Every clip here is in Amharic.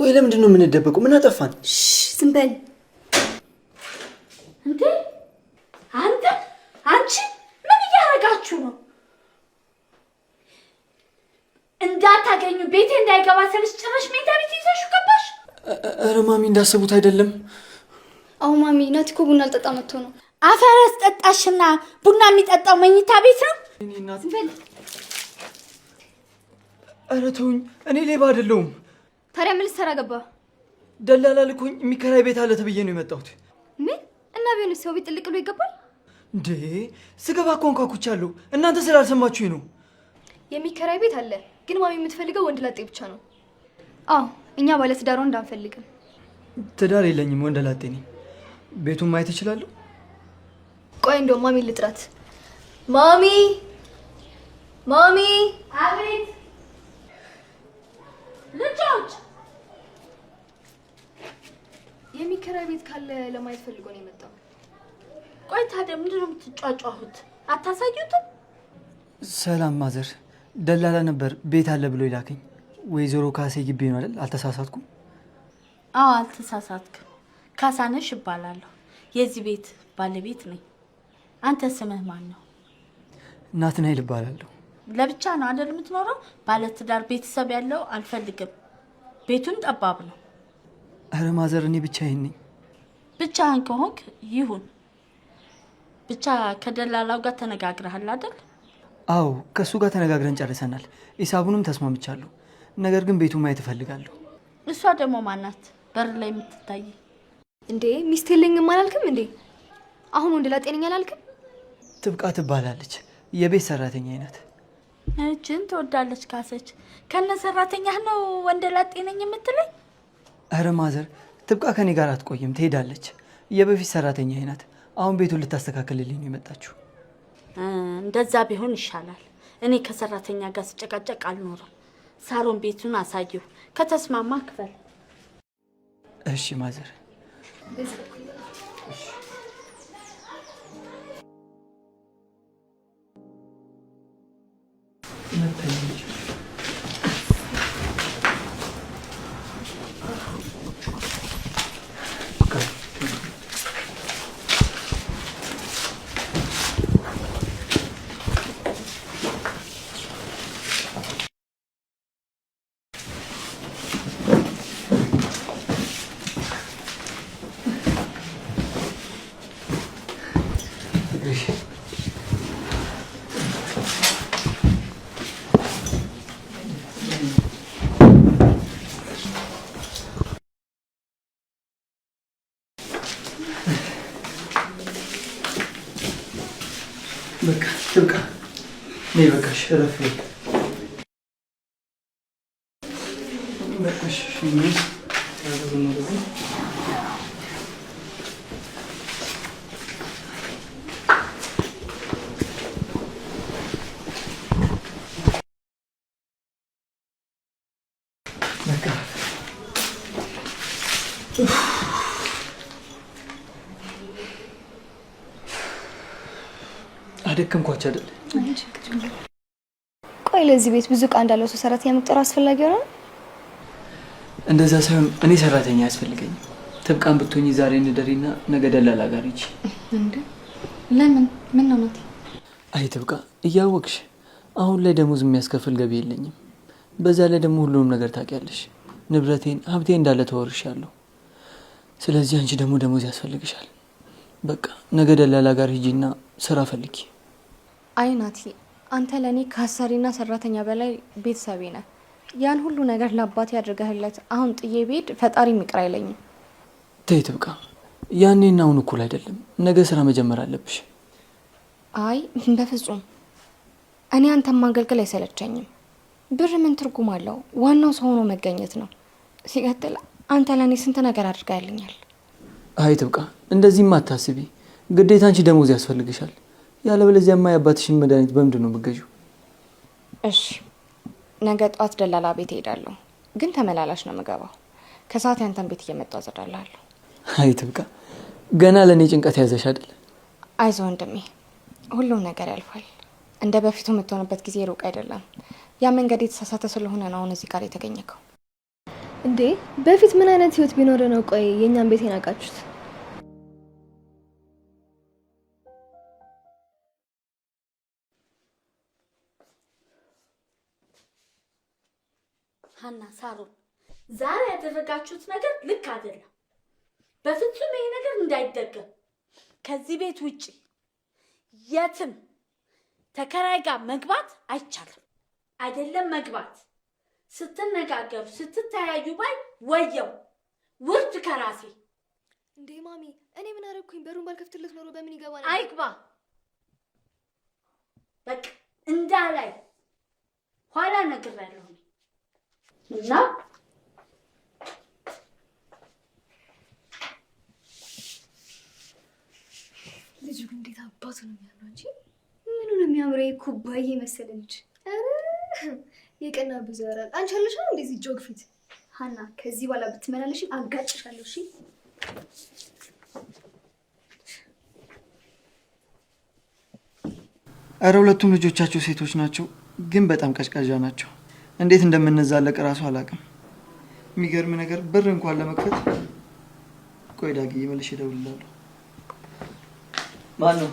ቆይ ለምንድን ነው የምንደበቀው? ምን አጠፋን? ዝም በል እንዴ! አንተ አንቺ ምን እያደረጋችሁ ነው? እንዳታገኙ ቤቴ እንዳይገባ ስልሽ ጭራሽ መኝታ ቤት ይዘሽው ገባሽ። ኧረ ማሚ እንዳሰቡት አይደለም። አዎ ማሚ፣ ናቲ እኮ ቡና አልጠጣ መጥቶ ነው። አፈር አስጠጣሽና ቡና የሚጠጣው መኝታ ቤት ነው። ኧረ ተውኝ፣ እኔ ሌባ አይደለሁም። ታዲያ ምን ልትሰራ ገባ? ደላላ ልኮኝ የሚከራይ ቤት አለ ተብዬ ነው የመጣሁት። ምን እና ቢሆን ሰው ቤት ጥልቅ ብሎ ይገባል እንዴ? ስገባ እኮ አንኳኩቻለሁ፣ እናንተ ስላልሰማችሁ ነው። የሚከራይ ቤት አለ፣ ግን ማሚ የምትፈልገው ወንድ ላጤ ብቻ ነው። አዎ እኛ ባለ ትዳር ወንድ አንፈልግም። ትዳር የለኝም፣ ወንድ ላጤ ነኝ። ቤቱን ማየት እችላለሁ? ቆይ እንደውም ማሚ ልጥራት። ማሚ ማሚ! አቤት ልጆች የሚከራይ ቤት ካለ ለማየት ፈልጎ ነው የመጣው። ቆይ ታዲያ ምንድነው የምትጫጫሁት? አታሳዩትም? ሰላም ማዘር፣ ደላላ ነበር ቤት አለ ብሎ ይላከኝ። ወይዘሮ ካሴ ግቢ ነው አይደል? አልተሳሳትኩም? አዎ አልተሳሳትክም። ካሳነሽ እባላለሁ። የዚህ ቤት ባለቤት ነኝ። አንተ ስምህ ማን ነው? ናትናኤል እባላለሁ። ለብቻ ነው አይደል የምትኖረው? ባለትዳር ቤተሰብ ያለው አልፈልግም። ቤቱም ጠባብ ነው። ኧረ ማዘር፣ እኔ ብቻዬን ነኝ። ብቻህን ከሆንክ ይሁን። ብቻ ከደላላው ጋር ተነጋግረሃል አይደል? አዎ፣ ከእሱ ጋር ተነጋግረን ጨርሰናል። ሂሳቡንም ተስማምቻለሁ። ነገር ግን ቤቱ ማየት እፈልጋለሁ። እሷ ደግሞ ማናት? በር ላይ የምትታይ እንዴ? ሚስት የለኝም አላልክም እንዴ? አሁን ወንድ ላጤነኝ አላልክም? ትብቃ ትባላለች። የቤት ሰራተኛ አይነት እጅን ትወዳለች ካሰች ከነ ሰራተኛህ ነው ወንደ ላጤ ነኝ የምትለኝ? እረ ማዘር ትብቃ፣ ከኔ ጋር አትቆይም፣ ትሄዳለች። የበፊት ሰራተኛ ናት። አሁን ቤቱን ልታስተካክልልኝ ነው የመጣችሁ። እንደዛ ቢሆን ይሻላል። እኔ ከሰራተኛ ጋር ስጨቃጨቅ አልኖርም። ሳሮን ቤቱን አሳየሁ፣ ከተስማማ ክፈል። እሺ ማዘር። Анатольевич. Meyve kaşığı rafiye. Meyve kaşığı şimdi. አደከምኳቸው አይደል? ቆይ ለዚህ ቤት ብዙ እቃ እንዳለው ሰው ሰራተኛ መቅጠሩ አስፈላጊ ሆነ? እንደዛ ሳይሆን እኔ ሰራተኛ አያስፈልገኝም። ትብቃን ብትሆኝ ዛሬ እንደሪና ነገ ደላላ ጋር ሂጂ። ለምን ምን ነው ናት? አይ ትብቃ፣ እያወቅሽ አሁን ላይ ደሞዝ የሚያስከፍል ገቢ የለኝም። በዛ ላይ ደግሞ ሁሉንም ነገር ታውቂያለሽ። ንብረቴን ሀብቴ እንዳለ ተወርሻለሁ። ስለዚህ አንቺ ደግሞ ደሞዝ ያስፈልግሻል። በቃ ነገ ደላላ ጋር ሂጂና ስራ ፈልጊ። አይ ናቲ፣ አንተ ለእኔ ከአሰሪና ሰራተኛ በላይ ቤተሰቤ ነህ። ያን ሁሉ ነገር ለአባቴ ያድርገህለት አሁን ጥዬ ብሄድ ፈጣሪ ይቅር አይለኝም። ተይ ትብቃ፣ ያኔና አሁን እኩል አይደለም። ነገ ስራ መጀመር አለብሽ። አይ በፍጹም እኔ አንተ ማገልገል አይሰለቸኝም። ብር ምን ትርጉም አለው? ዋናው ሰው ሆኖ መገኘት ነው። ሲቀጥል አንተ ለእኔ ስንት ነገር አድርጋልኛል። አይ ትብቃ፣ እንደዚህም አታስቢ። ግዴታ አንቺ ደሞዝ ያስፈልግሻል። ያለበለዚያማ የአባትሽን መድኃኒት በምንድን ነው የምትገዢው? እሺ ነገ ጠዋት ደላላ ቤት እሄዳለሁ፣ ግን ተመላላሽ ነው የምገባው። ከሰዓት ያንተን ቤት እየመጣሁ አጸዳላለሁ። አይ ትብቃ፣ ገና ለእኔ ጭንቀት ያዘሽ አይደል? አይዞ ወንድሜ፣ ሁሉም ነገር ያልፋል። እንደ በፊቱ የምትሆንበት ጊዜ ሩቅ አይደለም። ያ መንገድ የተሳሳተ ስለሆነ ነው አሁን እዚህ ጋር የተገኘከው። እንዴ በፊት ምን አይነት ህይወት ቢኖር ነው? ቆይ የእኛን ቤት የናቃችሁት ሀና ሳሮን፣ ዛሬ ያደረጋችሁት ነገር ልክ አይደለም። በፍጹም ይሄ ነገር እንዳይደገም ከዚህ ቤት ውጭ የትም ተከራይ ጋር መግባት አይቻልም። አይደለም መግባት ስትነጋገሩ፣ ስትተያዩ ባይ ወየው ውርድ ከራሴ እንዴ! ማሚ እኔ ምን አደረግኩኝ? በሩን ባልከፍትልህ ኖሮ በምን ይገባል? አይግባ በቃ እንዳላይ ኋላ ነግሬያለሁ። እና ልጁ እንዴት አባቱ ነው የሚያምረው እንጂ ምኑ ነው የሚያምረው? ኩባዬ መሰለ ልጅ የቀና ብዙ ያወራል። አንቺ አለሽ እንደዚህ ጆግ ፊት ሀና፣ ከዚህ በኋላ ብትመላለሽ አጋጭሻለሁ። እሺ ሁለቱም ልጆቻቸው ሴቶች ናቸው፣ ግን በጣም ቀዥቃዣ ናቸው። እንዴት እንደምንዛለቅ እራሱ አላውቅም። የሚገርም ነገር ብር እንኳን ለመክፈት ቆይ ዳግዬ መልሼ እደውልልሃለሁ። ማን ነው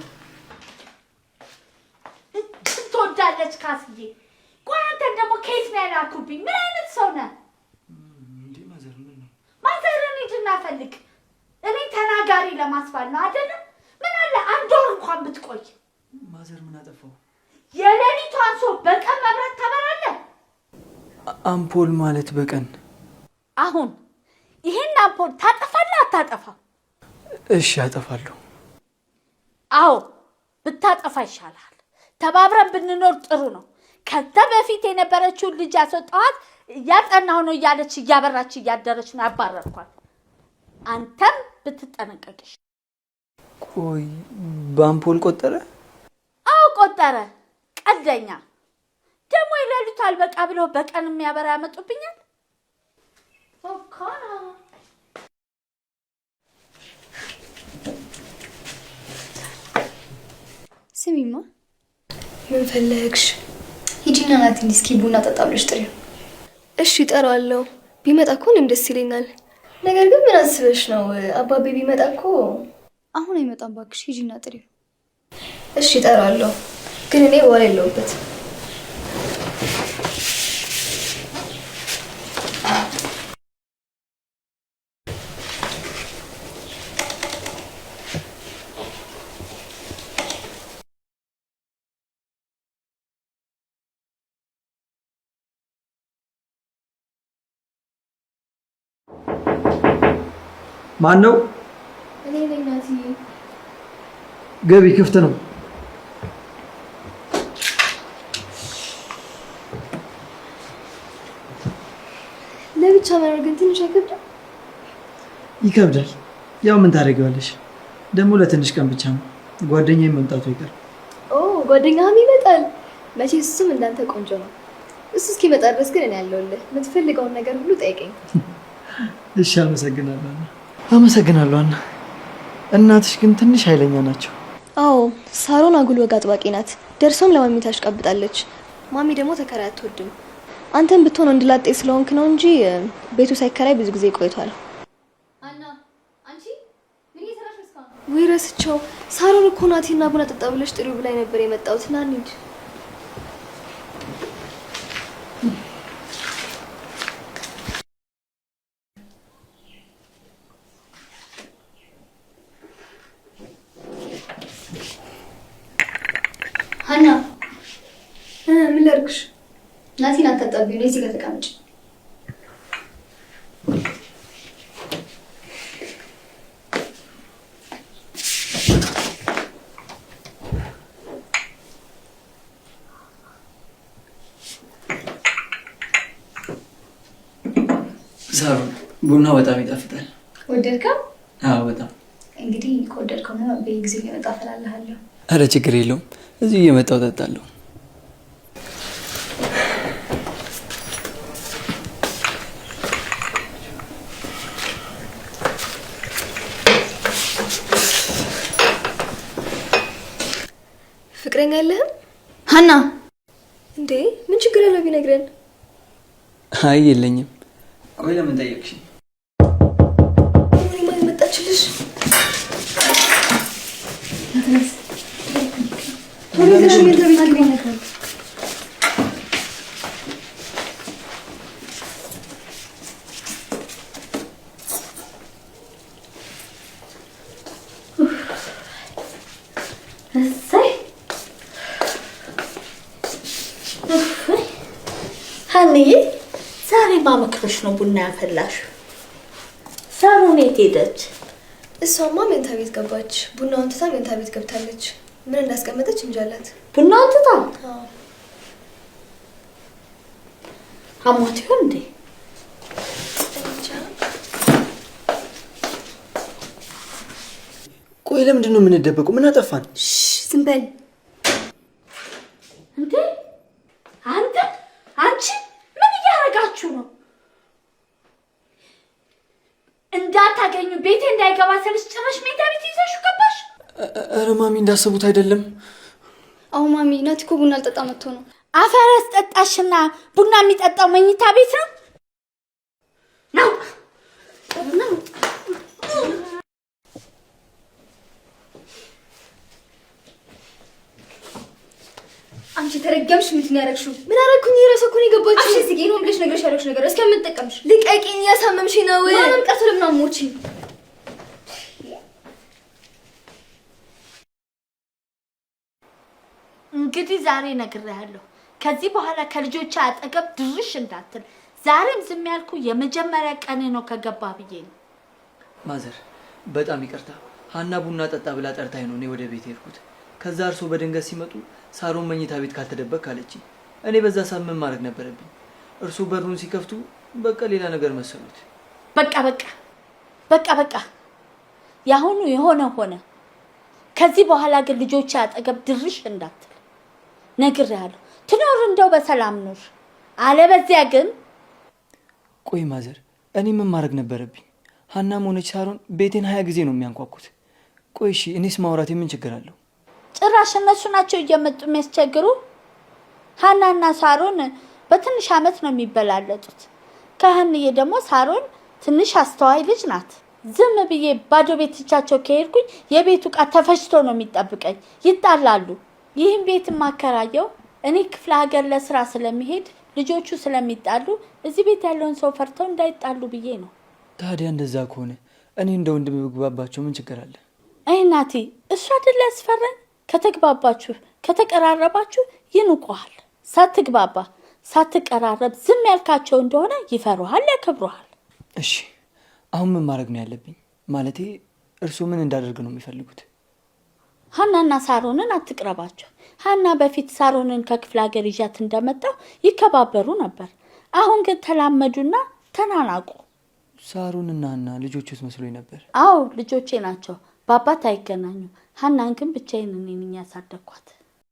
ትወዳለች? ካስዬ ቆይ አንተን ደግሞ ከየት ነው ያላኩብኝ? ምን አይነት ሰው ነህ? ማዘርን ሂድ እናፈልግ። እኔ ተናጋሪ ለማስባል ነው አይደለም? ምን አለ አንድ ወር እንኳን ብትቆይ። ማዘር ምን አጠፋው? የሌሊቷን ሰው በቀን መብረት ተበራለህ አምፖል ማለት በቀን አሁን ይሄን አምፖል ታጠፋለህ አታጠፋ? እሺ አጠፋለሁ። አዎ ብታጠፋ ይሻላል። ተባብረን ብንኖር ጥሩ ነው። ከተ በፊት የነበረችውን ልጅ ያስወጣኋት እያጠናሁ ነው እያለች እያበራች እያደረች ነው ያባረርኳል። አንተም ብትጠነቀቅሽ። ቆይ በአምፖል ቆጠረ? አዎ ቆጠረ። ቀደኛ ለሊቱ አልበቃ ብለው በቀን የሚያበራ ያመጡብኛል። ስሚማ፣ ምን ፈለግሽ? ሂጂና ናት እስኪ ቡና ጠጣ ብለሽ ጥሪው። እሺ እጠራዋለሁ። ቢመጣ እኮ እኔም ደስ ይለኛል። ነገር ግን ምን አስበሽ ነው? አባቤ ቢመጣ እኮ አሁን አይመጣም። እባክሽ ሂጂና ጥሪው። እሺ እጠራዋለሁ፣ ግን እኔ ወሬ የለውበት ማን ነው? ገቢ ክፍት ነው። ለብቻ መኖር ግን ትንሽ አይከብድም? ይከብዳል። ያው ምን ታደርጊዋለሽ? ደግሞ ለትንሽ ቀን ብቻ ነው። ጓደኛ መምጣቱ ይቀር። ኦ ጓደኛህም ይመጣል። መቼ እሱም እንዳንተ ቆንጆ ነው። እሱ እስኪመጣ ድረስ ግን እኔ ያለሁልህ። የምትፈልገውን ነገር ሁሉ ጠይቀኝ። እሺ፣ አመሰግናለሁ። አመሰግናለሁ አና። እናትሽ ግን ትንሽ ኃይለኛ ናቸው። አዎ ሳሮን አጉል ወግ አጥባቂ ናት። ደርሶም ለማሚ ታሽቀብጣለች። ማሚ ደግሞ ተከራይ አትወድም። አንተን ብትሆን እንድላጤ ስለሆንክ ነው እንጂ ቤቱ ሳይከራይ ብዙ ጊዜ ቆይቷል። አና አንቺ ምን እየሰራሽ ወይ ረስቸው። ሳሮን እኮ ናቲና ቡና ጠጣ ብለሽ ጥሪው ብላኝ ነበር የመጣሁት። ና እንሂድ እንዳትጠብኝ። እዚህ ጋር ተቀመጭ። ሳሩ ቡና በጣም ይጣፍጣል። ወደድከው? አዎ በጣም እንግዲህ ከወደድከው በየጊዜ እየመጣ እፈላልሃለሁ። አረ ችግር የለውም እዚሁ እየመጣው እጠጣለሁ። ሀይ የለኝም። ቆይ ለምን ጠየቅሽኝ? መጣችልሽ ቶሎ ዛሬ ማመክረሽ ነው ቡና ያፈላሽ። ሳሮን የት ሄደች? እሷማ ሜንታ ቤት ገባች። ቡናውን ትታ ሜንታ ቤት ገብታለች። ምን እንዳስቀመጠች እንጃላት። አላት። ቡናውን ትታ አሟት ይሆን እንዴ? ቆይ ለምንድን ነው የምንደበቁ? ምን አጠፋን? ዝም በል እንዴ አንተ እያደረጋችሁ ነው። እንዳታገኙ ቤቴ እንዳይገባ ሰብስ ጭራሽ ሜታ ቤት ይዘሹ ገባሽ። ኧረ ማሚ እንዳሰቡት አይደለም። አሁ ማሚ ናቲ እኮ ቡና አልጠጣ መጥቶ ነው። አፈረስ ጠጣሽና ቡና የሚጠጣው መኝታ ቤት ነው ነው አንቺ ተረገምሽ። ምንድን ነው ያደረግሽው? ምን እኮ ነው የገባችው። አሽ ዝጊ ነው ብለሽ ነገርሽ ያለሽ ነገር እስኪ የምትጠቀምሽ ልቀቂኝ፣ ያሳመምሽ ነው ማንም ቀርቶ ለምን አሞቺ እንግዲህ ዛሬ እነግርሃለሁ። ከዚህ በኋላ ከልጆች አጠገብ ድርሽ እንዳትል። ዛሬም ዝም ያልኩ የመጀመሪያ ቀን ነው ከገባ ብዬ ነው። ማዘር በጣም ይቅርታ። ሀና ቡና ጠጣ ብላ ጠርታኝ ነው እኔ ወደ ቤት የሄድኩት። ከዛ እርሶ በድንገት ሲመጡ ሳሮን መኝታ ቤት ካልተደበቅ ካለችኝ እኔ በዛ ሳምን ማድረግ ነበረብኝ። እርሱ በሩን ሲከፍቱ በቃ ሌላ ነገር መሰሉት። በቃ በቃ በቃ በቃ ያሁኑ የሆነ ሆነ። ከዚህ በኋላ ግን ልጆች አጠገብ ድርሽ እንዳትል ነግሬሃለሁ። ትኖር እንደው በሰላም ኑር፣ አለበዚያ ግን ቆይ ማዘር፣ እኔ ምን ማድረግ ነበረብኝ? ሀናም ሆነች ሳሮን ቤቴን ሀያ ጊዜ ነው የሚያንኳኩት። ቆይ እሺ፣ እኔስ ማውራት የምን ችግር አለው? ጭራሽ እነሱ ናቸው እየመጡ የሚያስቸግሩ ሀናና ሳሮን በትንሽ ዓመት ነው የሚበላለጡት። ከሀንዬ ደግሞ ሳሮን ትንሽ አስተዋይ ልጅ ናት። ዝም ብዬ ባዶ ቤትቻቸው ከሄድኩኝ የቤቱ ቃ ተፈጭቶ ነው የሚጠብቀኝ። ይጣላሉ። ይህም ቤት የማከራየው እኔ ክፍለ ሀገር ለስራ ስለሚሄድ ልጆቹ ስለሚጣሉ እዚህ ቤት ያለውን ሰው ፈርተው እንዳይጣሉ ብዬ ነው። ታዲያ እንደዛ ከሆነ እኔ እንደ ወንድም ብግባባቸው ምን ችግር አለ? አይ እሱ አይደል ያስፈረን። ከተግባባችሁ ከተቀራረባችሁ ይንቁሃል። ሳትግባባ ሳትቀራረብ ዝም ያልካቸው እንደሆነ ይፈሩሃል፣ ያከብሩሃል። እሺ አሁን ምን ማድረግ ነው ያለብኝ? ማለቴ እርሱ ምን እንዳደርግ ነው የሚፈልጉት? ሀናና ሳሮንን አትቅረባቸው። ሀና በፊት ሳሮንን ከክፍለ ሀገር ይዣት እንደመጣው ይከባበሩ ነበር። አሁን ግን ተላመዱና ተናናቁ። ሳሮንና ሀና ልጆቹስ መስሎኝ ነበር። አዎ ልጆቼ ናቸው። በአባት አይገናኙም። ሀናን ግን ብቻዬን እኔ ነኝ ያሳደግኳት።